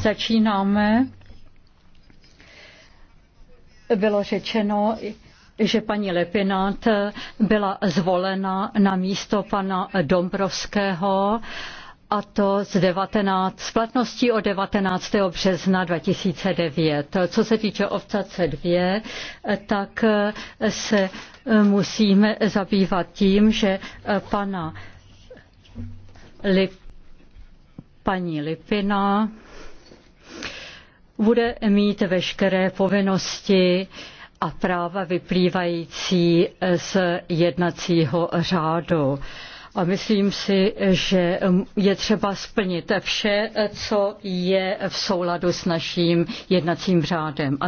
Začínáme. Bylo řečeno, že paní Lepinant byla zvolena na místo pana Dombrovského a to z, 19, z platností od 19. března 2009. Co se týče c 2, tak se musíme zabývat tím, že pana Lip, paní Lipina bude mít veškeré povinnosti a práva vyplývající z jednacího řádu. A myslím si, že je třeba splnit vše, co je v souladu s naším jednacím řádem.